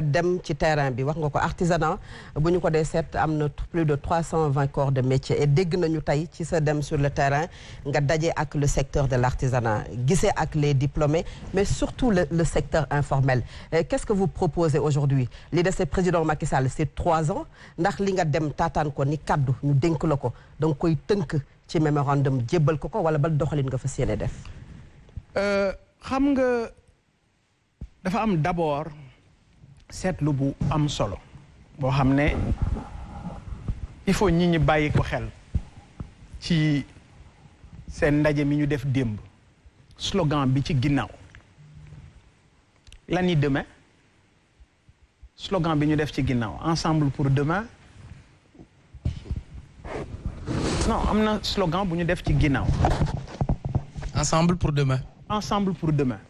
dem ci terrain bi wax nga ko artisanat bu ñu ko dee seet am na plus de trois cent vingt corps de métier et dégg nañu tey ci sa dem sur le terrain nga daje ak le secteur de l'artisanat gisee ak les diplômés mais surtout le, le secteur informel euh, qu'est-ce que vous proposez aujourd'hui li dese président Macky Sall c'est trois ans ndax li nga dem taataan ko ni kaddu ñu dénk la ko dang koy tënk ci mémorandum jébbal ko ko wala bal doxalin nga fa seenee def euh, xam nga dafa am d'abord seetlu bu am solo boo xam ne il faut ñi ñi bàyyi ko xel ci seen ndaje mi ñu def démb slogan bi ci ginnaaw l'année deme slogan bi ñu def ci ginnaaw ensemble pour demain non am na slogan bu ñu def ci ginnaaw ensemble pour demain ensemble pour demain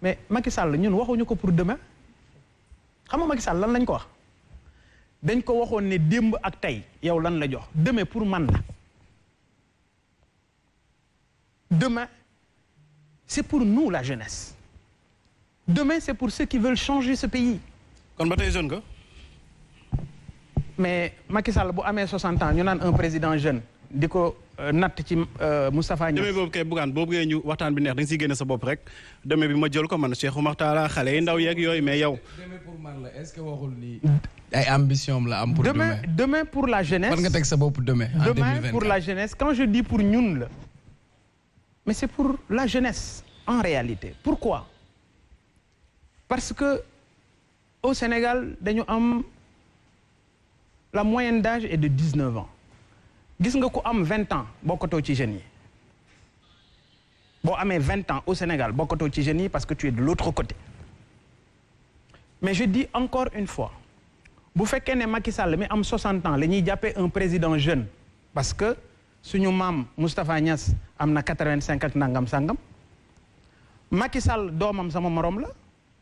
mais Macky ñun waxuñu ko pour demain xam nga Macky Sall lan lañ ko wax dañ ko waxoon ne démb ak tey yow lan la jox demain pour man la demain c'est pour nous la jeunesse demain c'est pour ceux qui veulent changer ce pays. kon ba tey jeune nga. mais Macky bu amee 60 ans ñu naan un président jeune di ko. natt ci euh, Moustapha Niass. demee boobu kay bugaan boobu ngay ñu waxtaan bi neex da nga siy génne sa bopp rek demee bi ma jël ko man Cheikh Oumar Talla xale yi ndaw yeeg yooyu mais yow. demee pour la est-ce que ay ambition la am pour demain demain pour la jeunesse. war nga teg sa bopp demain en 2024 demain pour la jeunesse quand je dis pour ñun la mais c'est pour la jeunesse en réalité pourquoi parce que au Sénégal dañu am la moyenne d'âge est de 19 ans. gis nga ku am vingt ans bokkatoo ci jeunes yi boo amee vingt ans au Sénégal bokkatoo ci jeunes yi parce que tu es de l'autre côté mais je di encore une fois bu fekkee ne Macky Sall mi am 60 ans la ñuy jàppee un président jeune parce que suñu maam Moustapha Niass am na 85 ak nangam sangam Macky Sall doomam sama morom la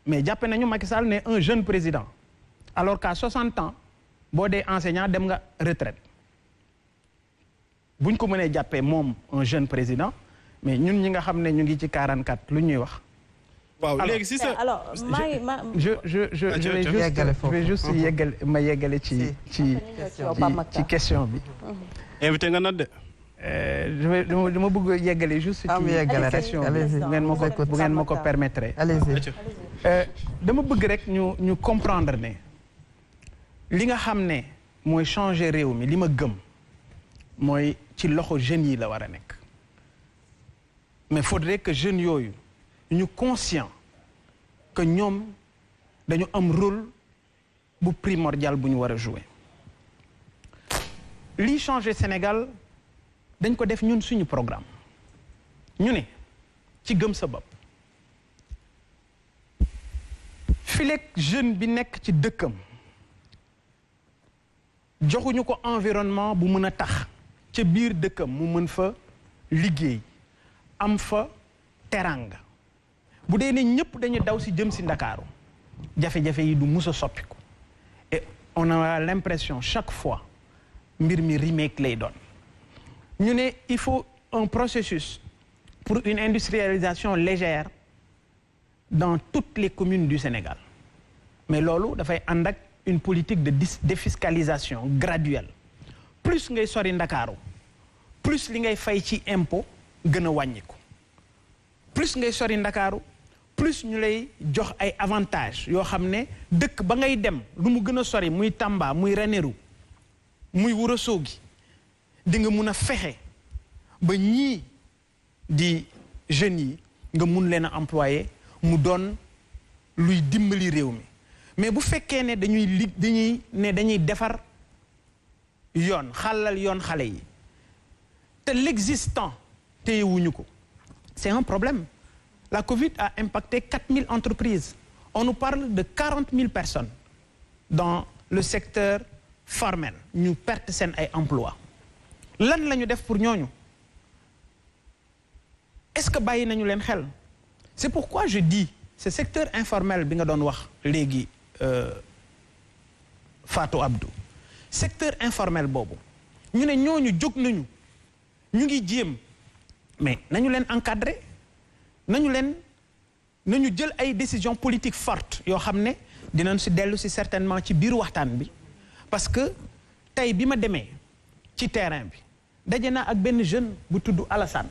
mais jàppe nañu Macky Sall ne un jeune président alors qu'à 60 ans boo dee enseignant dem nga retraite bu ñu ko mënee jàppee moom un jeune président mais ñun ñi nga xam ne ñu ngi ci quarante quatre lu ñuy wax. waaw léegi si sa eh, alors maa ngi ma. je je je ah, je vais juste mhm. yeggale ma yeggale ci question bi. Mhm. invité nga nat de. Euh, je vais dama bëgg a yeggale juste. ah mu yeggale rek allez-y bu ngeen ma ko permetre ngeen ma ko euh, dama bëgg rek ñu ñu comprendre ne li nga xam ne mooy changer réew mi li ma gëm mooy. ci loxo jeunes yi la war a nekk mais faudrait que jeunes yooyu ñu conscient que ñoom dañu am rôle bu primordial bu ñu war a jouer lii changer Sénégal dañ ko def ñun suñu programme ñu ne ci gëm sa bopp fileeg jeune bi nekk ci dëkkam joxuñu ko environnement bu mën a tax ca biir dëkkam mu mën fa liggéey am fa teranga bu dee ne ñëpp dañu daw si jëm si ndakaaru jafe-jafe yi du musa a soppiku et on a l'impression chaque fois mbir mi remake lay doon ñu ne il faut un processus pour une industrialisation légère dans toutes les communes du Sénégal mais loolu dafay ànd ak une politique de défiscalisation graduelle plus ngay sori ndakaaru plus li ngay fay ci impôt gën a wàññiku plus ngay sori ndakaaru plus ñu lay jox ay avantages yoo xam ne dëkk ba ngay dem lu mu gën a sori muy Tamba muy Ranérou muy Ourossogui di nga mun a fexe ba ñii di jeunes yi nga mun leen a employé mu doon luy dimbali réew mi mais bu fekkee ne dañuy li dañuy defar yoon xàllal yoon xale yi te l'existant téyewuñu ko c'est un problème la Covid a impacté 4000 entreprises on nous parle de 40 000 personnes dans le secteur formel ñu perte seen ay emploi lan la ñu def pour ñooñu est-ce que bàyyi nañu leen xel c'est pourquoi je di ce secteur informel bi nga doon wax léegi euh, Fatou Abdou secteur informel boobu ñu ne ñooñu jóg nañu ñu ngi jéem mais nañu leen encadrer nañu leen nañu jël ay décisions politiques forte yoo xam ne dinañ si dellu si certainement ci biir waxtaan bi parce que tey bi ma demee ci terrain bi daje naa ak benn jeune bu tudd Alassane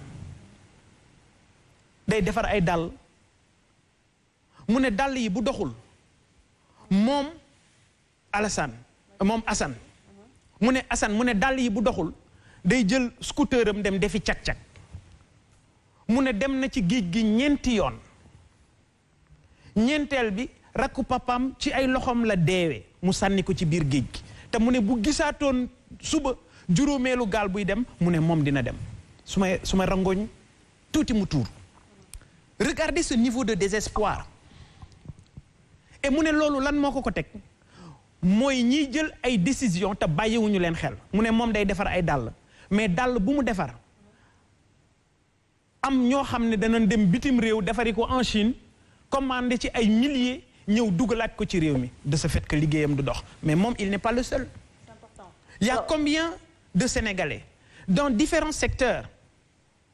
day defar ay dàll mu ne dàll yi bu doxul moom Alassane moom Assane mu ne Assane mu ne dàll yi bu doxul day jël scooter am dem defi cag-cag mu ne dem na ci géej gi ñeenti yoon ñeenteel bi rakku papam ci ay loxoom la deewee mu sànni ko ci biir géej gi te mu ne bu gisaatoon suba juróomeelu gaal buy dem mu ne moom dina dem su ma su ma rangoñ tuuti mu tuur regardez ce niveau de désespoir et mu ne loolu lan moo ko ko teg mooy ñiy jël ay décision te bàyyiwuñu leen xel mu ne moom day defar ay dàll mais dàll bu mu defar am ñoo xam ne danañ dem bitim réew defari ko en Chine commandé ci ay milliers ñëw dugalaat ko ci réew mi de ce fait que liggéeyam du dox mais moom il n'est pas le seul il y oh. combien de Sénégalais dans différents secteurs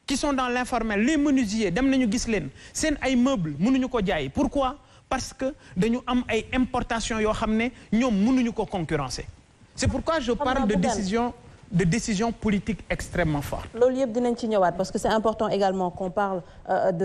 qui sont dans l'informel les menuisiers dem nañu gis leen seen ay meubles mënuñu ko jaay pourquoi parce que dañu am ay importation yoo xam ne ñoom mënuñu ko concurrencer c'est pourquoi je parle de décision de politique extrêmement forte loolu yëpp dinañ ci ñëwaat parce que c'est important également qu'on parle euh,